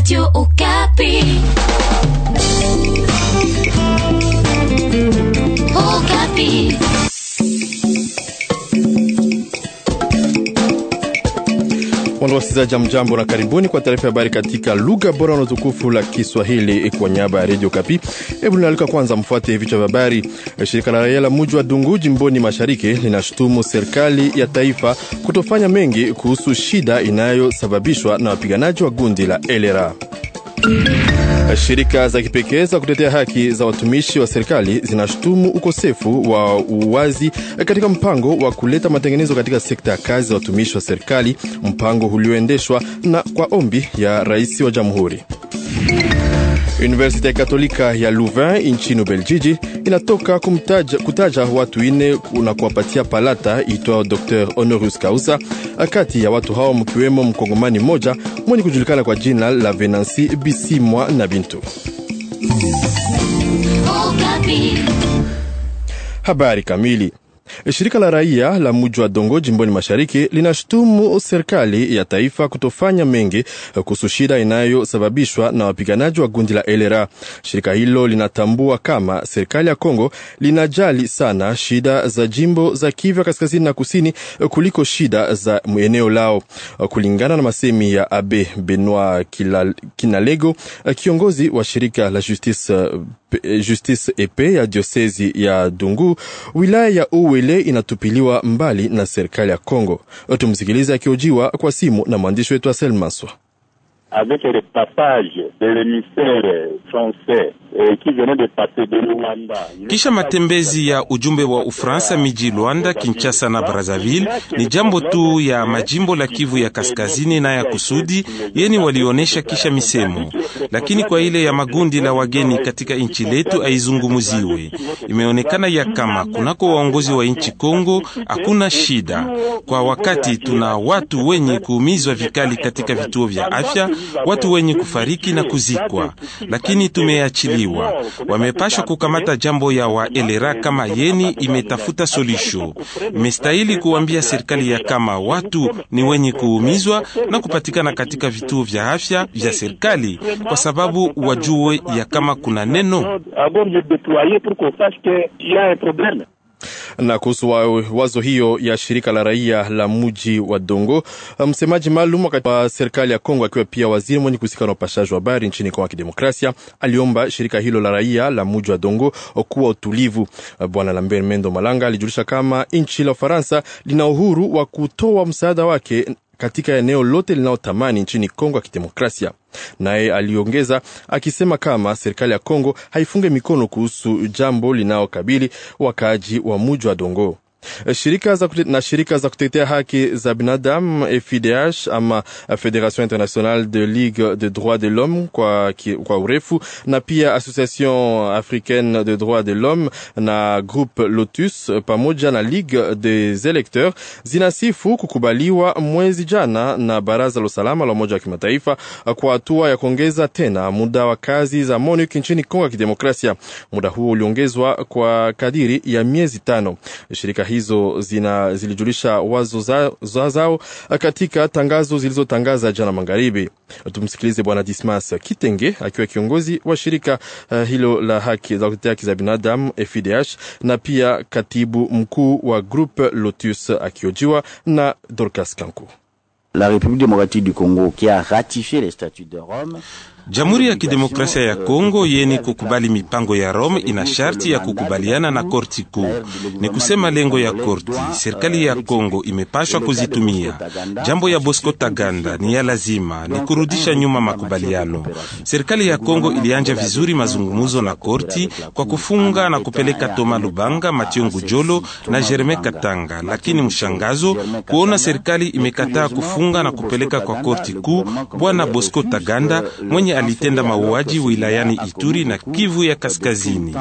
Radio Okapi. Okapi. Wando wasikilizaji, mjambo na karibuni kwa taarifa ya habari katika lugha bora na tukufu la Kiswahili kwa niaba ya Radio Kapi. Hebu linaalika kwanza mfuate vichwa vya habari. Shirika la raia la muji wa Dungu jimboni mashariki linashutumu serikali ya taifa kutofanya mengi kuhusu shida inayosababishwa na wapiganaji wa gundi la elera Shirika za kipekee za kutetea haki za watumishi wa serikali zinashutumu ukosefu wa uwazi katika mpango wa kuleta matengenezo katika sekta ya kazi za watumishi wa serikali, mpango ulioendeshwa na kwa ombi ya rais wa jamhuri. Universite Katolika ya Louvain nchini Ubeljiji inatoka kumtaja, kutaja watu ine na kuwapatia palata itwa Dr Honorus Kausa. Kati ya watu hao mkiwemo mkongomani mmoja mwenye kujulikana kwa jina la Venansi Bisimwa na Bintu. Oh, Habari kamili Shirika la raia la mji wa Dongo jimboni mashariki linashutumu serikali ya taifa kutofanya mengi kuhusu shida inayosababishwa na wapiganaji wa gundi la LRA. Shirika hilo linatambua kama serikali ya Kongo linajali sana shida za jimbo za Kivu kaskazini na kusini kuliko shida za eneo lao, kulingana na masemi ya Abe Benoit Kinalego, kiongozi wa shirika la Justice, eh, eh, Justice Epe e ya diosezi ya Dungu wilaya ya Uwe ile inatupiliwa mbali na serikali ya Kongo. Tumsikilize akiojiwa kwa simu na mwandishi wetu wa maswa avec le passage de l'émissaire français eh, qui venait de passer de Luanda. Kisha matembezi ya ujumbe wa Ufaransa miji Luanda, Kinshasa na Brazzaville ni jambo tu ya majimbo la Kivu ya kaskazini na ya kusudi yeni walionyesha kisha misemo, lakini kwa ile ya magundi la wageni katika nchi letu aizungumuziwe. Imeonekana ya kama kunako waongozi wa nchi Kongo hakuna shida kwa wakati, tuna watu wenye kuumizwa vikali katika vituo vya afya watu wenye kufariki na kuzikwa, lakini tumeachiliwa. Wamepashwa kukamata jambo ya waelera kama yeni imetafuta solisho. Imestahili kuambia serikali ya kama watu ni wenye kuumizwa na kupatikana katika vituo vya afya vya serikali, kwa sababu wajue ya kama kuna neno na kuhusu wazo hiyo ya shirika la raia la muji wa Dongo, msemaji maalum wa serikali ya Kongo akiwa pia waziri mwenye kuhusika na upashaji wa habari nchini Kongo ya Kidemokrasia aliomba shirika hilo la raia la muji wa Dongo kuwa utulivu. Bwana Lambert Mendo Malanga alijulisha kama nchi la Ufaransa lina uhuru wa kutoa msaada wake katika eneo lote linalotamani nchini Kongo ya Kidemokrasia. Naye aliongeza akisema kama serikali ya Kongo haifunge mikono kuhusu jambo linalokabili wakaaji wa muji wa Dongo. Eh, shirika za kutete, na shirika za kutetea haki za binadamu FIDH ama Federation Internationale de Ligue de droit de l'Homme kwa, kwa urefu na pia Association Africaine de droit de l'Homme na Groupe Lotus pamoja na Ligue des Electeurs zinasifu kukubaliwa mwezi jana na Baraza la Usalama la Umoja wa Kimataifa kwa hatua ya kuongeza tena muda wa kazi za MONUC nchini Kongo ya Kidemokrasia. Muda huo uliongezwa kwa kadiri ya miezi tano. Shirika hizo zina, zilijulisha wazo za, za zao katika tangazo zilizotangaza jana magharibi. Tumsikilize Bwana Dismas Kitenge akiwa kiongozi wa shirika uh, hilo la haki za kutetea haki za binadamu FIDH na pia katibu mkuu wa Groupe Lotus akiojiwa na Dorcas Kanku. La République démocratique du Congo qui a ratifié les statuts de Rome Jamhuri ya Kidemokrasia ya Kongo yeni kukubali mipango ya Rome ina sharti ya kukubaliana na korti kuu. Ni kusema lengo ya korti, serikali ya Kongo imepashwa kuzitumia. Jambo ya Bosco Taganda ni ya lazima, ni kurudisha nyuma makubaliano. Serikali ya Kongo ilianja vizuri mazungumzo na korti kwa kufunga na kupeleka Toma Lubanga, Mathieu Ngujolo na jeremi Katanga, lakini mshangazo kuona serikali imekataa kufunga na kupeleka kwa korti kuu bwana Bosco Taganda mwenye Nyamwinyi alitenda mauaji wilayani Ituri na Kivu ya Kaskazini.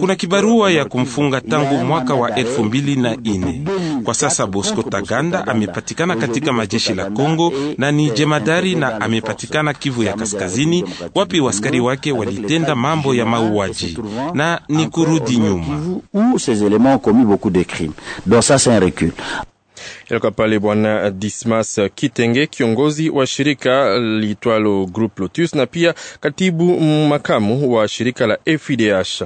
Kuna kibarua ya kumfunga tangu mwaka wa elfu mbili na ine. Kwa sasa Bosco Taganda amepatikana katika majeshi la Kongo na ni jemadari na amepatikana Kivu ya Kaskazini wapi waskari wake walitenda mambo ya mauaji na ni kurudi nyuma. Ilikuwa pale bwana Dismas Kitenge, kiongozi wa shirika litwalo Group Lotus na pia katibu makamu wa shirika la FIDH.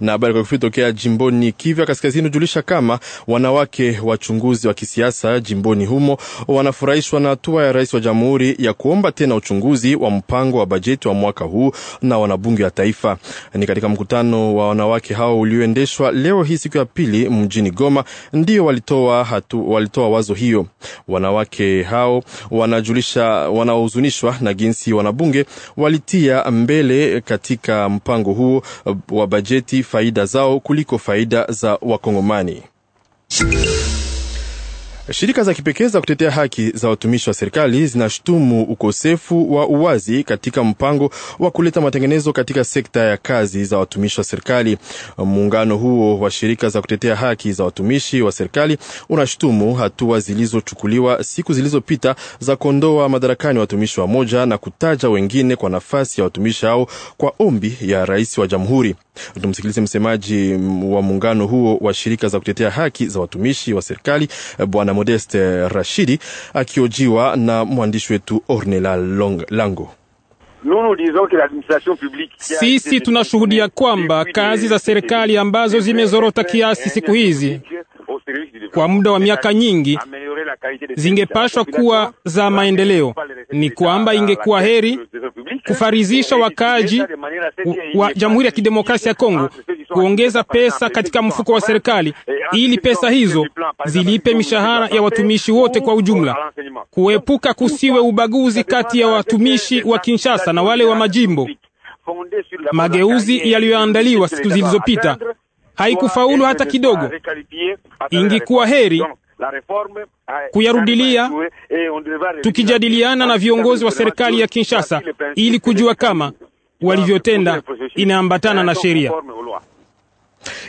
Na habari kwa kifupi tokea jimboni Kivu Kaskazini hujulisha kama wanawake wachunguzi wa kisiasa jimboni humo wanafurahishwa na hatua ya rais wa jamhuri ya kuomba tena uchunguzi wa mpango wa bajeti wa mwaka huu na wanabunge wa taifa. Ni katika mkutano wa wanawake hao ulioendeshwa leo hii siku ya pili mjini Goma, ndio walitoa hatu, walitoa mawazo hiyo. Wanawake hao wanajulisha, wanaohuzunishwa na jinsi wanabunge walitia mbele katika mpango huo wa bajeti faida zao kuliko faida za Wakongomani. Shirika za kipekee za kutetea haki za watumishi wa serikali zinashutumu ukosefu wa uwazi katika mpango wa kuleta matengenezo katika sekta ya kazi za watumishi wa serikali. Muungano huo wa shirika za kutetea haki za watumishi wa serikali unashutumu hatua zilizochukuliwa siku zilizopita za kuondoa madarakani watumishi wa moja na kutaja wengine kwa nafasi ya watumishi hao kwa ombi ya rais wa jamhuri. Tumsikilize msemaji wa muungano huo wa shirika za kutetea haki za watumishi wa serikali Bwana Modeste Rashidi akiojiwa na mwandishi wetu Ornela Lango. Sisi tunashuhudia kwamba kazi za serikali ambazo zimezorota kiasi siku hizi kwa muda wa miaka nyingi zingepashwa kuwa za maendeleo. Ni kwamba ingekuwa heri kufarizisha wakaji wa Jamhuri ya Kidemokrasia ya Kongo kuongeza pesa katika mfuko wa serikali ili pesa hizo zilipe mishahara ya watumishi wote kwa ujumla, kuepuka kusiwe ubaguzi kati ya watumishi wa Kinshasa na wale wa majimbo. Mageuzi yaliyoandaliwa siku zilizopita haikufaulu hata kidogo. Ingekuwa heri kuyarudilia, tukijadiliana na viongozi wa serikali ya Kinshasa ili kujua kama walivyotenda inaambatana na sheria.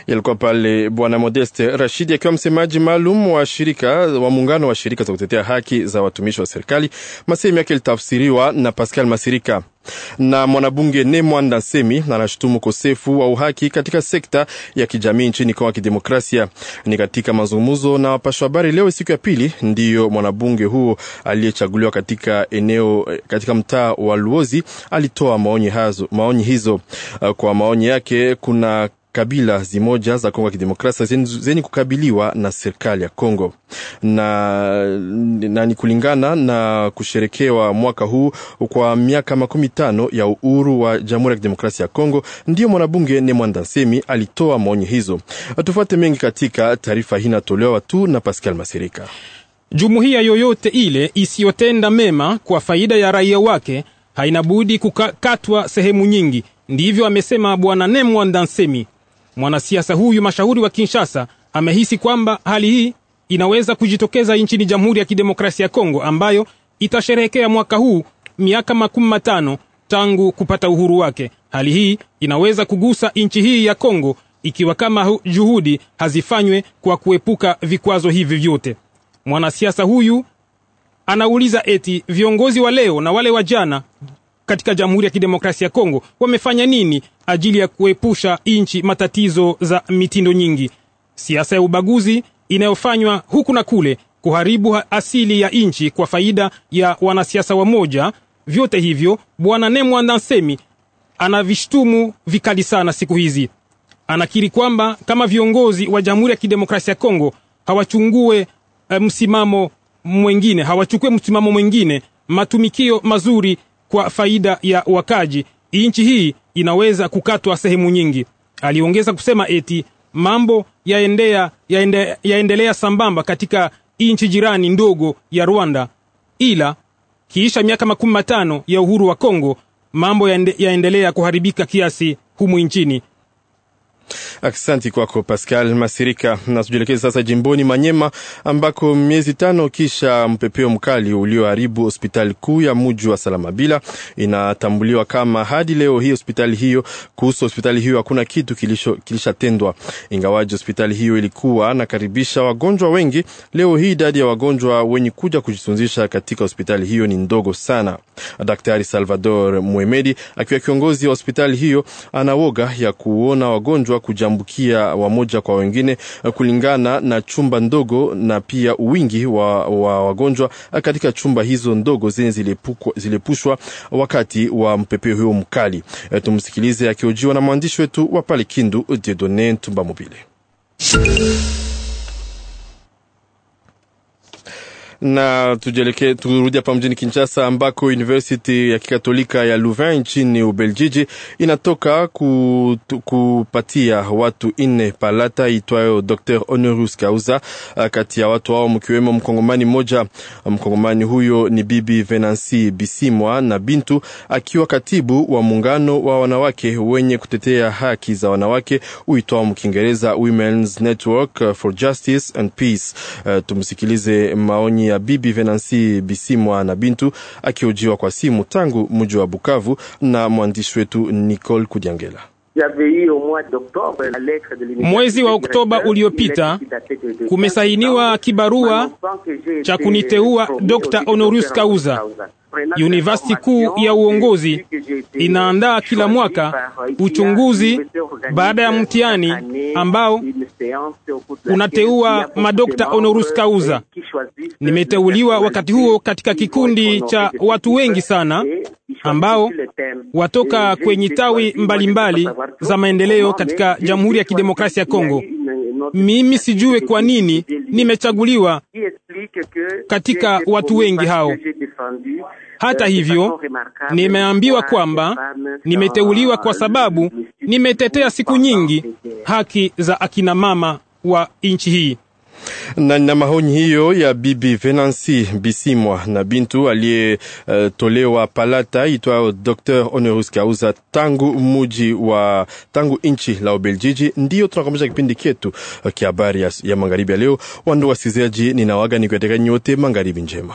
Yalikuwa pale Bwana Modeste Rashidi akiwa msemaji maalum wa shirika wa muungano wa shirika za kutetea haki za watumishi wa serikali. Masehemu yake ilitafsiriwa na Pascal Masirika na mwanabunge Ne Mwanda semi anashutumu ukosefu wa uhaki katika sekta ya kijamii nchini Kongo ya Kidemokrasia. Ni katika mazungumzo na wapasha habari leo siku ya pili, ndiyo mwanabunge huo aliyechaguliwa katika eneo katika mtaa wa Luozi alitoa maoni hizo. Kwa maoni yake, kuna kabila zimoja za Kongo ya Kidemokrasia zenye, kukabiliwa na serikali ya Kongo na, na ni kulingana na kusherekewa mwaka huu kwa miaka makumi tano ya uhuru wa Jamhuri ya Kidemokrasia ya Kongo. Ndiyo mwanabunge ne Mwandansemi alitoa maonyo hizo. Tufuate mengi katika taarifa hii inatolewa tu na Pascal Masirika. Jumuiya yoyote ile isiyotenda mema kwa faida ya raia wake hainabudi kukatwa sehemu nyingi, ndivyo amesema Bwana Nemwa Mwanasiasa huyu mashauri wa Kinshasa amehisi kwamba hali hii inaweza kujitokeza nchini Jamhuri ya Kidemokrasia ya Kongo ambayo itasherehekea mwaka huu miaka makumi matano tangu kupata uhuru wake. Hali hii inaweza kugusa nchi hii ya Kongo ikiwa kama juhudi hazifanywe kwa kuepuka vikwazo hivi vyote. Mwanasiasa huyu anauliza eti viongozi wa leo na wale wa jana katika Jamhuri ya Kidemokrasia ya Kongo wamefanya nini ajili ya kuepusha nchi matatizo za mitindo nyingi, siasa ya ubaguzi inayofanywa huku na kule, kuharibu asili ya nchi kwa faida ya wanasiasa wamoja. Vyote hivyo Bwana Nemwanda Nsemi anavishtumu vikali sana siku hizi. Anakiri kwamba kama viongozi wa Jamhuri ya Kidemokrasia ya Kongo hawachungue eh, msimamo mwengine hawachukue msimamo mwengine, matumikio mazuri kwa faida ya wakaji, nchi hii inaweza kukatwa sehemu nyingi. Aliongeza kusema eti mambo yaendea, yaende, yaendelea sambamba katika nchi jirani ndogo ya Rwanda, ila kiisha miaka makumi matano ya uhuru wa Kongo mambo yaende, yaendelea kuharibika kiasi humu nchini asanti kwako Pascal Masirika. Na tujielekeze sasa jimboni Manyema ambako miezi tano kisha mpepeo mkali ulioharibu hospitali kuu ya muji wa Salamabila inatambuliwa kama hadi leo hii hospitali hiyo. Kuhusu hospitali hiyo hakuna kitu kilishatendwa, ingawaji hospitali hiyo ilikuwa nakaribisha wagonjwa wengi. Leo hii idadi ya wagonjwa wenye kuja kujitunzisha katika hospitali hiyo ni ndogo sana. Daktari Salvador Mwemedi akiwa kiongozi wa hospitali hiyo anawoga ya kuona wagonjwa kujambukia wamoja kwa wengine eh, kulingana na chumba ndogo na pia wingi wa, wa wagonjwa eh, katika chumba hizo ndogo zenye zilipushwa wakati wa mpepeo huo mkali. Eh, tumsikilize akiojiwa na mwandishi wetu wa pale Kindu, Dedone Tumba Mobile. Na tujeleke turudi hapa mjini Kinshasa ambako University ya Kikatolika ya Louvain nchini Ubeljiji inatoka kupatia watu ine palata itwayo Dr. Honorus Kauza. Uh, kati ya watu hao mkiwemo mkongomani mmoja. Mkongomani huyo ni Bibi Venansi Bisimwa na Bintu, akiwa katibu wa muungano wa wanawake wenye kutetea haki za wanawake uitwao mkiingereza Women's Network for Justice and Peace. Uh, tumsikilize maoni ya bibi Venansi Bisimwa na Bintu akiojiwa kwa simu tangu mji wa Bukavu na mwandishi wetu Nicole Kudiangela. Mwezi wa Oktoba uliopita kumesainiwa kibarua cha kuniteua Dr. Honorius Kauza University kuu ya uongozi inaandaa kila mwaka uchunguzi baada ya mtihani ambao unateua madokta honoris causa. Nimeteuliwa wakati huo katika kikundi cha watu wengi sana ambao watoka kwenye tawi mbalimbali mbali za maendeleo katika Jamhuri ya Kidemokrasia ya Kongo. Mimi sijue kwa nini nimechaguliwa katika watu wengi hao. Hata hivyo, nimeambiwa kwamba nimeteuliwa kwa sababu nimetetea siku nyingi haki za akina mama wa nchi hii na na maoni hiyo ya bibi Venancy Bisimwa na bintu aliyetolewa uh, palata itwayo Dr Honorus Kauza tangu muji wa tangu nchi la Ubeljiji. Ndiyo tunakomesha kipindi chetu uh, kia habari ya, ya magharibi ya leo. Wandu wasikilizaji, ninawaga nikiwatakia nyote magharibi njema.